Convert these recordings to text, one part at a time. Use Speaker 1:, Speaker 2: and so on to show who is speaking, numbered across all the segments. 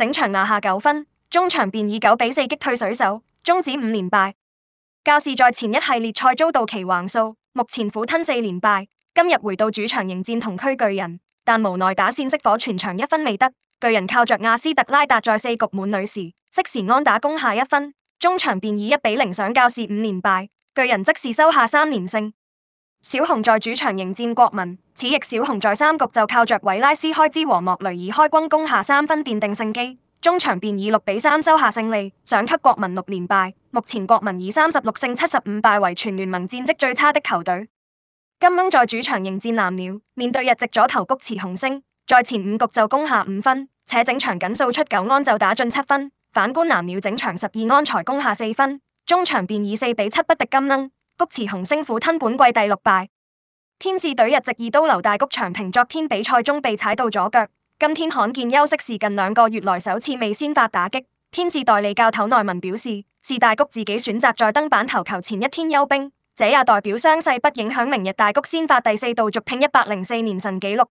Speaker 1: 整場拿下九分，中場便以九比四擊退水手，終止五連敗。教士在前一系列賽遭到其橫掃，目前苦吞四連敗。今日回到主場迎戰同區巨人，但無奈打線熄火，全場一分未得。巨人靠着亞斯特拉達在四局滿女滿壘時即時安打攻下一分，中場便以一比零上教士五連敗。巨人則是收下三連勝。小熊在主場迎戰國民，此役小熊在三局就靠着維拉斯開支和莫雷爾開光攻下三分奠定勝機，終場便以六比三收下勝利，上給國民六連敗。目前國民以三十六勝七十五敗為全聯盟戰績最差的球隊。金鶯在主場迎戰藍鳥，面對日籍左投菊池雄星，在前五局就攻下五分，且整場僅掃出九安就打進七分。反觀藍鳥整場十二安才攻下四分，終場便以四比七不敵金鶯。谷池雄星虎吞本季第六敗。天使隊日籍二刀流大谷長平昨天比賽中被踩到左腳，今天罕見休息，是近兩個月來首次未先發打擊。天使代理教頭內文表示，是大谷自己選擇在登板投球前一天休兵，這也代表傷勢不影響明日大谷先發第四度續拼一百零四年神紀錄。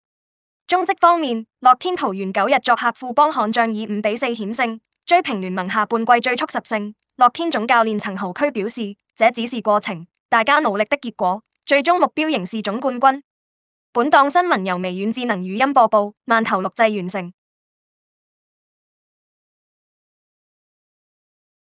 Speaker 1: 中職方面，樂天桃園九日作客富邦悍將以五比四險勝，追平聯盟下半季最速十勝。樂天總教練陳豪區表示，這只是過程，大家努力的結果，最終目標仍是總冠軍。本檔新聞由微軟智能語音播報，萬頭錄製完成。